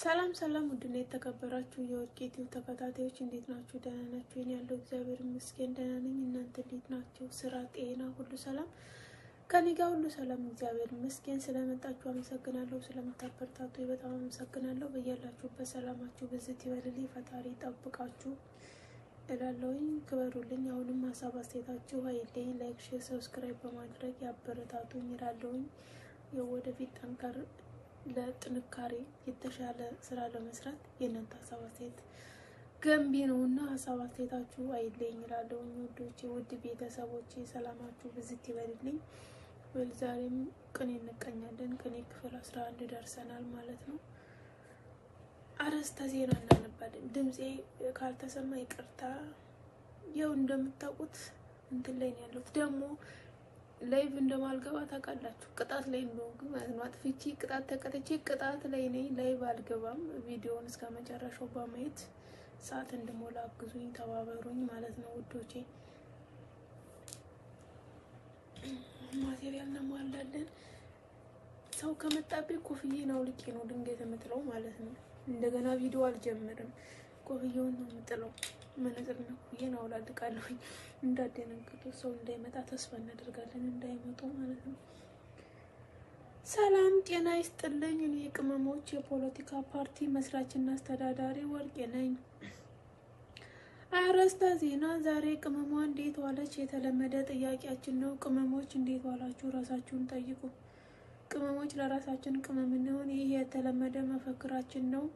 ሰላም ሰላም ውድና የተከበራችሁ የወርቅ ተከታታዮች እንዴት ናችሁ? ደህና ናችሁ? እኔ ያለው እግዚአብሔር ይመስገን ደህና ነኝ። እናንተ እንዴት ናችሁ? ስራ፣ ጤና ሁሉ ሰላም? ከኔ ጋር ሁሉ ሰላም እግዚአብሔር ይመስገን። ስለመጣችሁ አመሰግናለሁ። ስለምታበርታቱ በጣም አመሰግናለሁ። በያላችሁበት ሰላማችሁ ብዝት ይበልልኝ፣ ፈጣሪ ጠብቃችሁ እላለሁኝ። ክበሩልኝ። አሁንም ሀሳብ አስተያየታችሁ ሀይሌ ላይክ፣ ሼር፣ ሰብስክራይብ በማድረግ ያበረታቱኝ እላለሁኝ። የወደፊት ጠንከር ለጥንካሬ የተሻለ ስራ ለመስራት የእናንተ ሀሳብ አስተያየት ገንቢ ነው እና ሀሳብ አስተያየታችሁ አይለኝ እላለሁ። ውዶቼ፣ ውድ ቤተሰቦቼ ሰላማችሁ ብዝት ይበልልኝ። ዛሬም ቅኔ እንቀኛለን። ቅኔ ክፍል አስራ አንድ ደርሰናል ማለት ነው። አርዕስተ ዜና እናነባለን። ድምፄ ካልተሰማ ይቅርታ። ያው እንደምታውቁት እንትን ላይ ነው ያለሁት ደግሞ ላይቭ እንደማልገባ ታውቃላችሁ። ቅጣት ላይ እንደሆንኩ ማለት ነው። አጥፍቼ ቅጣት ተቀጥቼ ቅጣት ላይ ነኝ። ላይቭ አልገባም። ቪዲዮውን እስከ መጨረሻው በማየት ሰዓት እንድሞላ አግዙኝ፣ ተባበሩኝ ማለት ነው ውዶቼ። ማቴሪያል እናሟላለን። ሰው ከመጣብኝ ኮፍዬን አውልቄ ነው ድንገት የምጥለው ማለት ነው። እንደገና ቪዲዮ አልጀምርም፣ ኮፍዬውን ነው የምጥለው። መነጽር ነው ነው አውላልቃለሁኝ። እንዳደነግጡ ሰው እንዳይመጣ ተስፋ እናደርጋለን፣ እንዳይመጡ ማለት ነው። ሰላም ጤና ይስጥልኝ። እኔ የቅመሞች የፖለቲካ ፓርቲ መስራችና አስተዳዳሪ ወርቄ ነኝ። አርዕስተ ዜና ዛሬ ቅመሟ እንዴት ዋለች? የተለመደ ጥያቄያችን ነው። ቅመሞች እንዴት ዋላችሁ? ራሳችሁን ጠይቁ። ቅመሞች ለራሳችን ቅመም እንሆን። ይህ የተለመደ መፈክራችን ነው።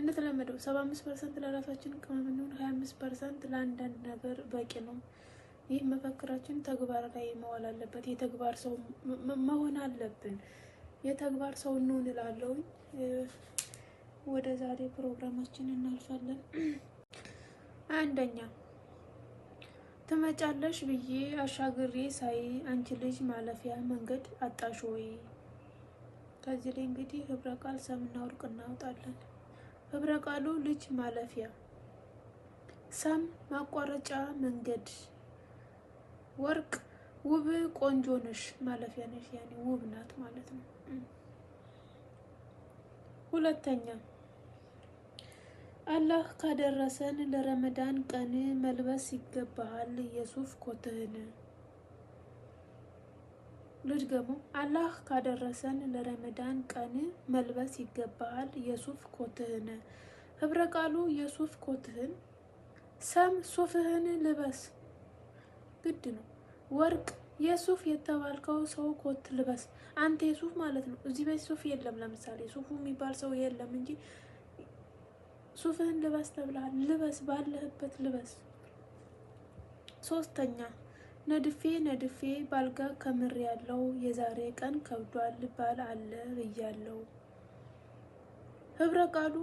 እንደተለመደው ሰባ አምስት ፐርሰንት ለራሳችን ቅመም እንሆን ሀያ አምስት ፐርሰንት ለአንዳንድ ነገር በቂ ነው። ይህ መፈክራችን ተግባር ላይ መዋል አለበት። የተግባር ሰው መሆን አለብን። የተግባር ሰው እንሆን እላለሁ። ወደ ዛሬ ፕሮግራማችን እናልፋለን። አንደኛ ትመጫለሽ ብዬ አሻግሬ ሳይ አንቺ ልጅ ማለፊያ መንገድ አጣሽ ወይ? ከዚህ ላይ እንግዲህ ህብረ ቃል ሰምና ወርቅ እናወጣለን። ህብረ ቃሉ ልጅ ማለፊያ፣ ሰም ማቋረጫ መንገድ፣ ወርቅ ውብ ቆንጆ ነሽ ማለፊያ ነሽ፣ ያኔ ውብ ናት ማለት ነው። ሁለተኛ አላህ ካደረሰን ለረመዳን ቀን መልበስ ይገባሃል የሱፍ ኮትህን ልድገሙ። አላህ ካደረሰን ለረመዳን ቀን መልበስ ይገባሃል የሱፍ ኮትህን። ህብረ ቃሉ የሱፍ ኮትህን ሰም ሱፍህን ልበስ ግድ ነው። ወርቅ የሱፍ የተባልከው ሰው ኮት ልበስ። አንተ የሱፍ ማለት ነው። እዚህ ቤት ሱፍ የለም። ለምሳሌ ሱፉ የሚባል ሰው የለም እንጂ ሱፍህን ልበስ ተብለሃል። ልበስ፣ ባለህበት ልበስ። ሶስተኛ ነድፌ ነድፌ ባልጋ ከምር ያለው የዛሬ ቀን ከብዷል ባል አለ ብያለው። ህብረ ቃሉ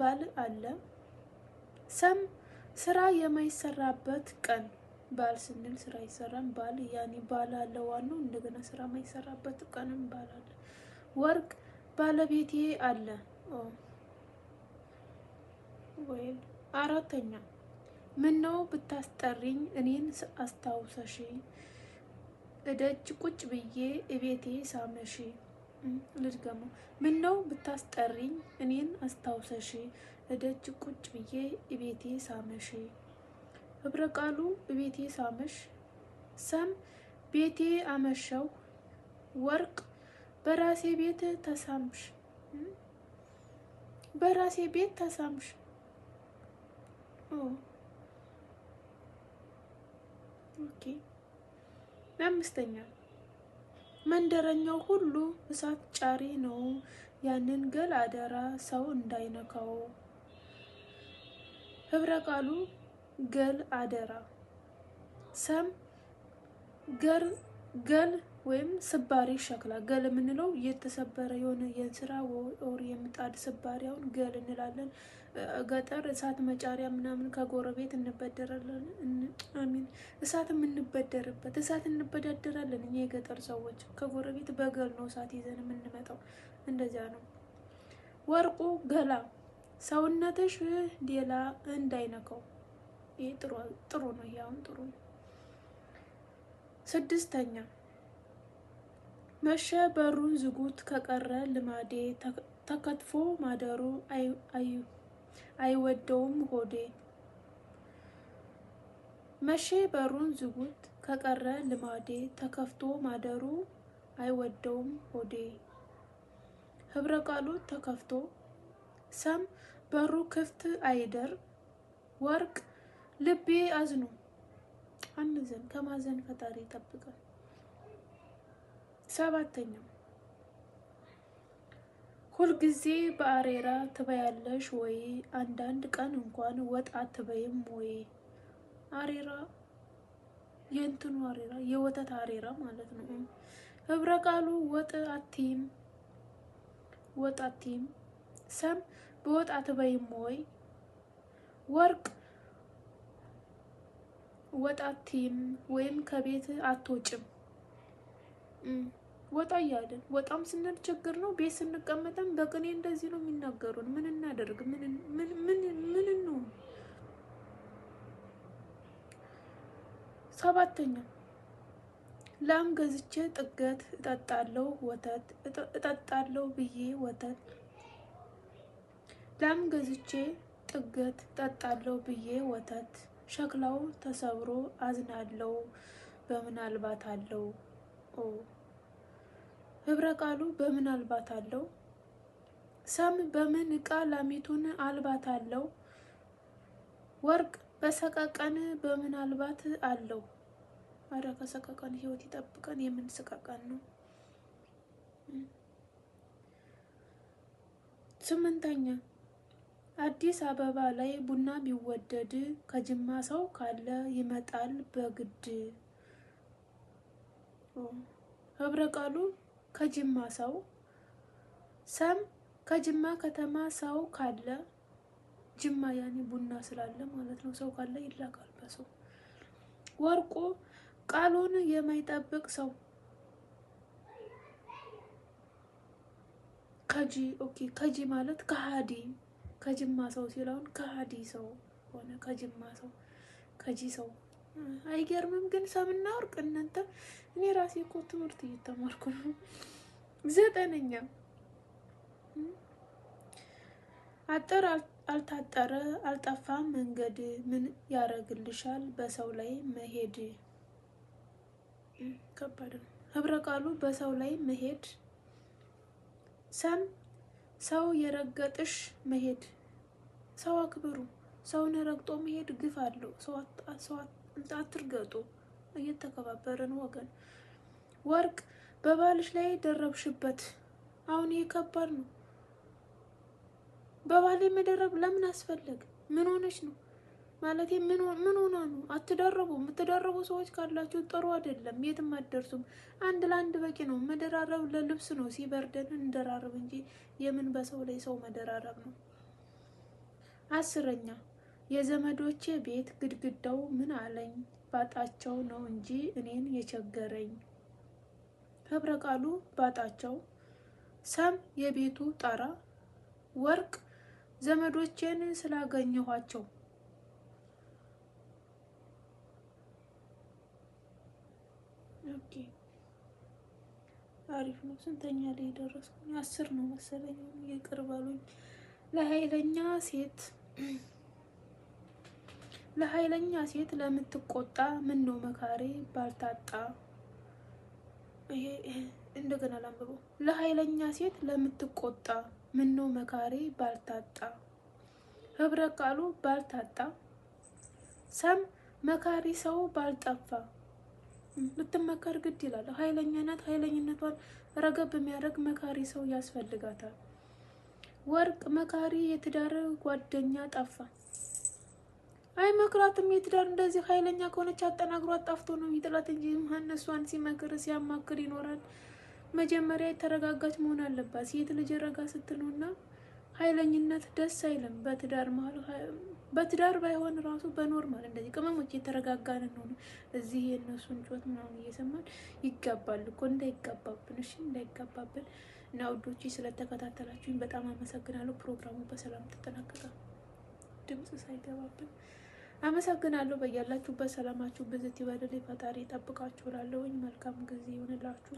ባል አለ ሰም ስራ የማይሰራበት ቀን ባል ስንል ስራ ይሰራን ባል ያኔ ባል አለ ዋናው እንደገና ስራ የማይሰራበት ቀንም ባል አለ። ወርቅ ባለቤቴ አለ ወይ አራተኛ ምነው ብታስጠሪኝ እኔን አስታውሰሽ እደጅ ቁጭ ብዬ እቤቴ ሳመሽ። ልድገሙ። ምነው ብታስጠሪኝ እኔን አስታውሰሽ እደጅ ቁጭ ብዬ እቤቴ ሳመሽ። ህብረ ቃሉ እቤቴ ሳመሽ፣ ሰም ቤቴ አመሸው፣ ወርቅ በራሴ ቤት ተሳምሽ በራሴ ቤት ተሳምሽ ኦኬ። አምስተኛ መንደረኛው ሁሉ እሳት ጫሪ ነው። ያንን ገል አደራ ሰው እንዳይነካው። ህብረ ቃሉ ገል አደራ ሰም ገር ገል ወይም ስባሪ ሸክላ ገል የምንለው የተሰበረ የሆነ የእንስራ ወር የምጣድ ስባሪ አሁን ገል እንላለን። ገጠር እሳት መጫሪያ ምናምን ከጎረቤት እንበደራለን። አሚን እሳት የምንበደርበት እሳት እንበዳደራለን። እኛ የገጠር ሰዎች ከጎረቤት በገል ነው እሳት ይዘን የምንመጣው። እንደዚያ ነው። ወርቁ ገላ ሰውነትሽ ሌላ እንዳይነካው። ይህ ጥሩ ነው። ይሄ ጥሩ ነው። ስድስተኛ መሸ በሩን ዝጉት ከቀረ ልማዴ ተከትፎ ማደሩ አዩ አይወደውም ሆዴ መቼ በሩን ዝጉት ከቀረ ልማዴ ተከፍቶ ማደሩ አይወደውም ሆዴ ህብረ ቃሉ ተከፍቶ ሰም በሩ ክፍት አይደር ወርቅ ልቤ አዝኖ አንዘን ከማዘን ፈጣሪ ይጠብቃል። ሰባተኛው ሁልጊዜ በአሬራ ትበያለሽ ወይ? አንዳንድ ቀን እንኳን ወጥ አትበይም ወይ? አሬራ የእንትኑ አሬራ የወተት አሬራ ማለት ነው። ህብረ ቃሉ ወጥ አትይም፣ ወጥ አትይም። ሰም በወጥ አትበይም ወይ? ወርቅ ወጥ አትይም ወይም ከቤት አትወጭም። ወጣ እያለን ወጣም ስንል ችግር ነው። ቤት ስንቀመጠን በቅኔ እንደዚህ ነው የሚናገሩን። ምን እናደርግ? ምን ነው? ሰባተኛ ላም ገዝቼ ጥገት እጠጣለሁ ወተት እጠጣለሁ ብዬ ወተት ላም ገዝቼ ጥገት እጠጣለሁ ብዬ ወተት ሸክላው ተሰብሮ አዝናለው በምናልባት አለው ህብረ ቃሉ በምን አልባት አለው? ሰም በምን እቃ ላሚቱን አልባት አለው? ወርቅ በሰቀቀን በምን አልባት አለው? አረ ከሰቀቀን ህይወት ይጠብቀን። የምን ሰቀቀን ነው? ስምንተኛ አዲስ አበባ ላይ ቡና ቢወደድ ከጅማ ሰው ካለ ይመጣል በግድ። ህብረ ቃሉ ከጅማ ሰው ሰም ከጅማ ከተማ ሰው ካለ ጅማ ያኔ ቡና ስላለ ማለት ነው። ሰው ካለ ይላካል በሰው ወርቁ ቃሉን የማይጠብቅ ሰው ከጂ ኦኬ ከጂ ማለት ከሃዲ ከጅማ ሰው ሲለውን ከሀዲ ሰው ሆነ። ከጅማ ሰው ከጂ ሰው አይገርምም? ግን ሰምና ወርቅ እናንተ። እኔ ራሴ እኮ ትምህርት እየተማርኩ ነው። ዘጠነኛ አጠር አልታጠረ አልጠፋ መንገድ ምን ያረግልሻል በሰው ላይ መሄድ ከባድ ነው። ህብረ ቃሉ በሰው ላይ መሄድ ሰም ሰው የረገጥሽ መሄድ ሰው አክብሩ። ሰውን ረግጦ መሄድ ግፍ አለው። ሰው አትርገጡ። እየተከባበረን ወገን ወርቅ በባልሽ ላይ ደረብሽበት። አሁን ይሄ ከባድ ነው። በባል የመደረብ ለምን አስፈለግ? ምን ሆነች ነው ማለት ምን ሆና ነው? አትደረቡ። የምትደረቡ ሰዎች ካላችሁ ጥሩ አይደለም፣ የትም አትደርሱም። አንድ ለአንድ በቂ ነው። መደራረብ ለልብስ ነው። ሲበርደን እንደራረብ እንጂ የምን በሰው ላይ ሰው መደራረብ ነው። አስረኛ የዘመዶቼ ቤት ግድግዳው ምን አለኝ ባጣቸው ነው እንጂ እኔን የቸገረኝ። ህብረ ቃሉ ባጣቸው ሰም የቤቱ ጣራ ወርቅ ዘመዶቼን ስላገኘኋቸው አሪፍ ነው። ስንተኛ ላይ ደረስኩኝ? አስር ነው መሰለኝ። ይቅር በሉኝ ለኃይለኛ ሴት ለኃይለኛ ሴት ለምትቆጣ ምን ነው መካሬ ባልታጣ። ይሄ እንደገና ላንብበው። ለኃይለኛ ሴት ለምትቆጣ ምን ነው መካሬ ባልታጣ። ህብረ ቃሉ ባልታጣ፣ ሰም መካሪ ሰው ባልጠፋ። ምትመከር ግድ ይላል። ኃይለኛ ኃይለኝነቷን ረገብ የሚያደርግ መካሪ ሰው ያስፈልጋታል። ወርቅ መካሪ የትዳር ጓደኛ ጠፋ። አይመክራትም። የትዳር እንደዚህ ኃይለኛ ከሆነች አጠናግሮ አጣፍቶ ነው የሚጥላት እንጂ እሷን ሲመክር ሲያማክር ይኖራል። መጀመሪያ የተረጋጋች መሆን አለባት። ሴት ልጅ ረጋ ስትሉና ኃይለኝነት ደስ አይልም። በትዳር መሀል በትዳር ባይሆን ራሱ በኖርማል እንደዚህ ቅመሞች የተረጋጋን ሆነ እዚህ የእነሱን ጮት ምናምን እየሰማን ይገባል እኮ እንዳይገባብን። እሺ እንዳይገባብን። እና ውዶች ስለተከታተላችሁኝ በጣም አመሰግናለሁ። ፕሮግራሙ በሰላም ተጠናቀቀ ድምፅ ሳይገባብን አመሰግናለሁ። በያላችሁበት ሰላማችሁ ብዝት ይበልልኝ። ፈጣሪ ይጠብቃችሁ። ላለውኝ መልካም ጊዜ ይሆንላችሁ።